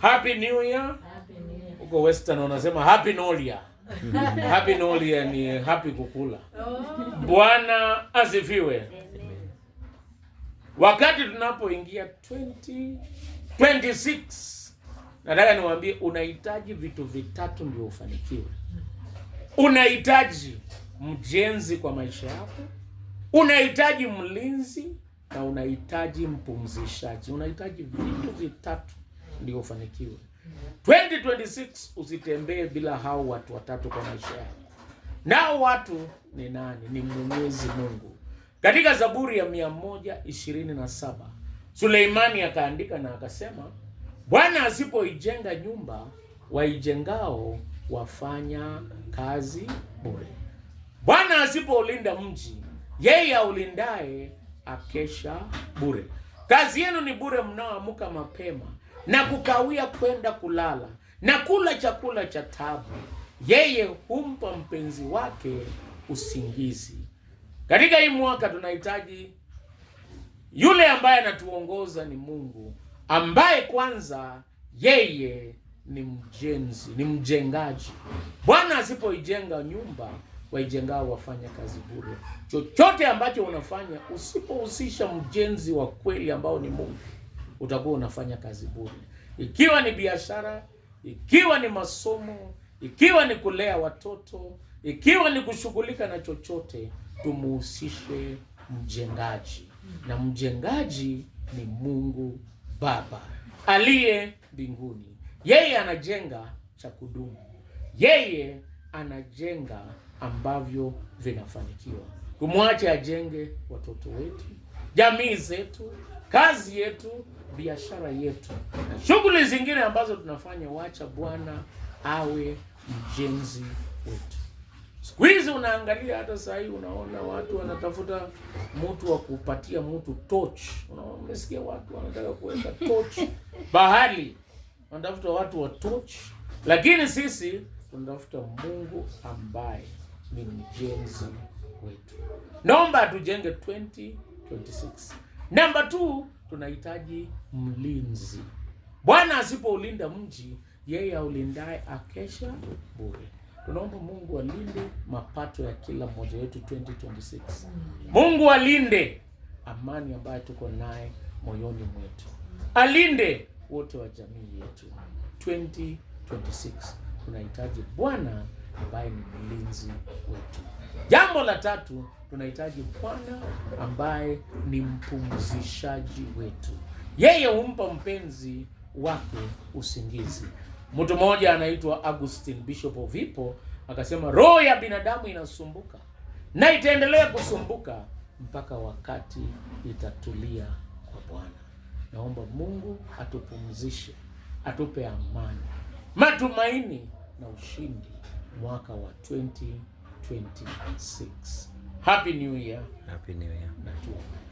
Happy New Year. Huko Western wanasema happy nolia. Happy nolia ni happy kukula. Oh. Bwana asifiwe. Wakati tunapoingia 20 26 nataka niwaambie, unahitaji vitu vitatu ndio ufanikiwe. Unahitaji mjenzi kwa maisha yako, unahitaji mlinzi na unahitaji mpumzishaji. Unahitaji vitu vitatu ndio ufanikiwe. 2026 usitembee bila hao watu watatu kwa maisha yako. Nao watu ni nani? Ni Mwenyezi Mungu. Katika Zaburi ya 127 Suleimani akaandika na akasema, Bwana asipoijenga nyumba, waijengao wafanya kazi bure. Bwana asipoulinda mji, yeye aulindaye akesha bure. Kazi yenu ni bure mnaoamka mapema na kukawia kwenda kulala na kula chakula cha tabu yeye humpa mpenzi wake usingizi. Katika hii mwaka tunahitaji yule ambaye anatuongoza ni Mungu, ambaye kwanza yeye ni mjenzi, ni mjengaji. Bwana asipoijenga nyumba, waijengao wafanya kazi bure. Chochote ambacho unafanya usipohusisha mjenzi wa kweli ambao ni Mungu utakuwa unafanya kazi bure, ikiwa ni biashara, ikiwa ni masomo, ikiwa ni kulea watoto, ikiwa ni kushughulika na chochote. Tumuhusishe mjengaji, na mjengaji ni Mungu Baba aliye mbinguni. Yeye anajenga cha kudumu, yeye anajenga ambavyo vinafanikiwa. Tumwache ajenge watoto wetu, jamii zetu, kazi yetu biashara yetu na shughuli zingine ambazo tunafanya, wacha Bwana awe mjenzi wetu. Siku hizi unaangalia hata saa hii unaona watu wanatafuta mtu wa kupatia mtu torch. Umesikia watu wanataka kuweka torch bahali, wanatafuta watu wa torch, lakini sisi tunatafuta Mungu ambaye ni mjenzi wetu. Naomba tujenge 2026 namba 2 tunahitaji mlinzi. Bwana asipoulinda mji, yeye aulindaye akesha bure. Tunaomba Mungu alinde mapato ya kila mmoja wetu 2026. Mungu alinde amani ambayo tuko naye moyoni mwetu, alinde wote wa jamii yetu 2026. Tunahitaji Bwana ambaye ni mlinzi wetu. Jambo la tatu, tunahitaji Bwana ambaye ni mpumzishaji wetu. Yeye humpa mpenzi wake usingizi. Mtu mmoja anaitwa Augustine, Bishop of Hippo, akasema roho ya binadamu inasumbuka na itaendelea kusumbuka mpaka wakati itatulia kwa Bwana. Naomba Mungu atupumzishe, atupe amani, matumaini na ushindi mwaka wa 2026. Happy New Year. Happy New Year. Na tuonane.